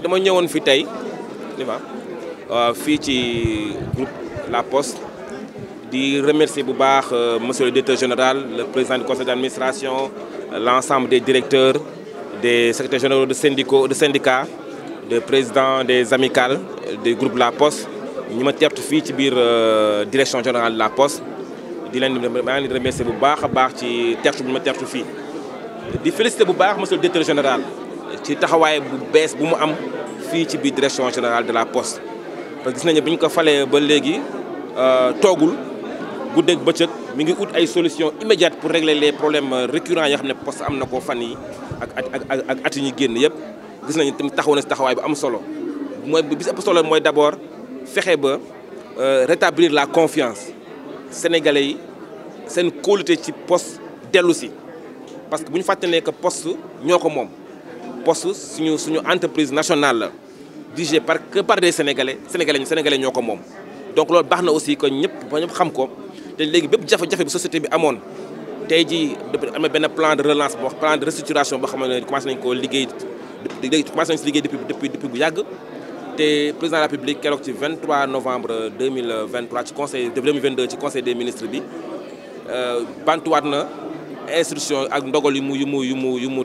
donc dama suis fi ici li ici, groupe La Poste di remercier bu euh, monsieur le directeur général le président du conseil d'administration euh, l'ensemble des directeurs des secrétaires généraux de syndicats, syndicats des présidents des amicales du groupe La Poste Nous avons teertu ci euh, direction générale de La Poste Je remercie maa ngi remercier bu baax baax ci bu ma di féliciter bu monsieur le directeur général ci taxaway bu bees bu mu am fi ci biir direction générale de la poste parce que gis nañu buñ ko falé ba léegi euh, toogul guddeeg beccëk mi ngi out ay solutions immédiates pour régler les problèmes récurrents yo xamné poste am na ko fan yi ak ak ak at ñu génn yépp gis nañu tamit taxaw na si taxawaay bu am solo moy bi ëpp solo moy d'abord fexé ba euh, rétablir la confiance sénégalais yi seen qualité ci poste delusi parce que buñ fatané que poste ñoko mom poste suñu suñu entreprise nationale dirigée par que par des sénégalais sénégalais sénégalais ñoo ko donc loolu baax aussi que ñëpp ba ñëpp xam ko te léegi bépp jafe société bi amoon tey jii amee benn plan de relance un plan de restructuration boo xam ne commencé nañ koo liggéey léegi commencé liggéey depuis depuis depuis Le président de la République le ci 23 novembre 2023 ci conseil 2022 ci conseil des ministres bi euh, na instruction ak ndogal yu mu yu mu yu mu yu mu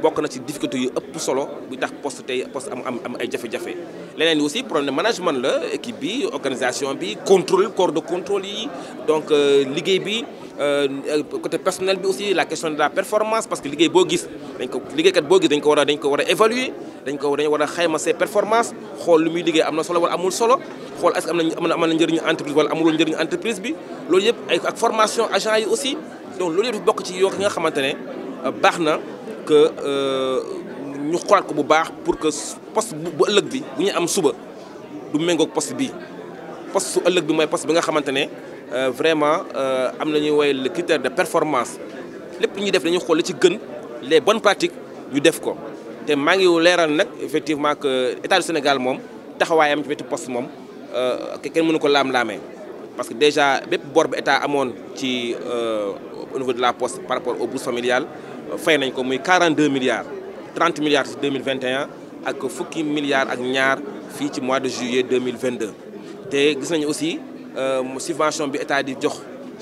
bokk na ci difficulté yu ëpp solo bu tax poste tey poste am am am ay jafé jafe leneen aussi problème management la équipe bi organisation bi contrôle corps de contrôle yi donc euh, liguey bi euh, euh, côté personnel bi aussi la question de la performance parce que liguey bo gis dañ ko liguey kat bo gis dañ ko wara dañ ko wara évaluer dañ ko dañ wara a xayma ses performances xol lu muy liguey amna solo wala amul solo xol est-ce amna am na am entreprise wala amuloo njëriñu entreprise bi loolu yépp ak formation agent yi aussi donc loolu yëpp bok ci yoo nga xamantene baxna que nous euh, xoolaat ko bu pour que poste bu bi bu ñu am suba du poste bi poste su bi poste bi vraiment euh, am le critère de performance les def dañu les bonnes pratiques ñu def ko té ma ngi effectivement que état du Sénégal mom taxawayam ci poste euh kenn mënu ko lam lamé parce que déjà bép bor état au niveau de la poste par rapport au bourse familial. il euh, 42 milliards 30 milliards en 2021 et 4 milliards en mois de juillet 2022 aussi, aussi euh, subvention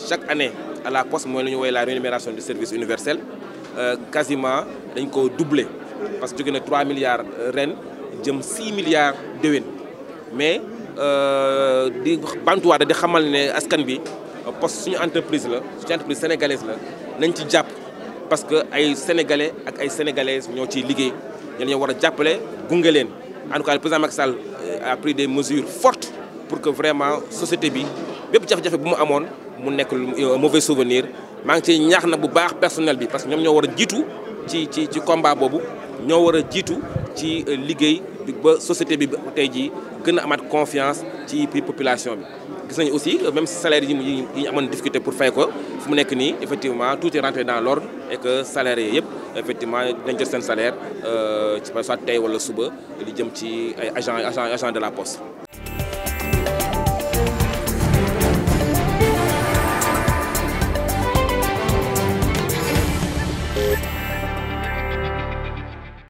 chaque année à la poste la rémunération du service universel euh, quasiment doublé parce que nous 3 milliards de Rennes, 6 milliards de Rennes. mais di vous di xamal poste une entreprise là, une entreprise sénégalaise là, nañ ci parce que ay sénégalais ak ay sénégalaises ñoo ci liggéey ñen ñoo war a jàppale gunge en tout cas le président Macky Sall euh, a pris des mesures fortes pour que vraiment société bi bépp jafe-jafe bu mu amoon mu nekk euh, mauvais souvenir maa ngi ciy ñaax na bu baax personnel bi parce que ñom ñoo wara a ci ci ci combat bobu ñoo wara a ci euh, liggéey la société bi tey jii a confiance ci biir population bi. gis aussi même salaire yi yi ñu amoon difficulté pour faire ko fu mu nekk effectivement tout est rentré dans l'ordre et que salariés yëpp effectivement dañ jot seen salaire euh, ci soit tey wala suba li jëm ci ay agent agent agent de la poste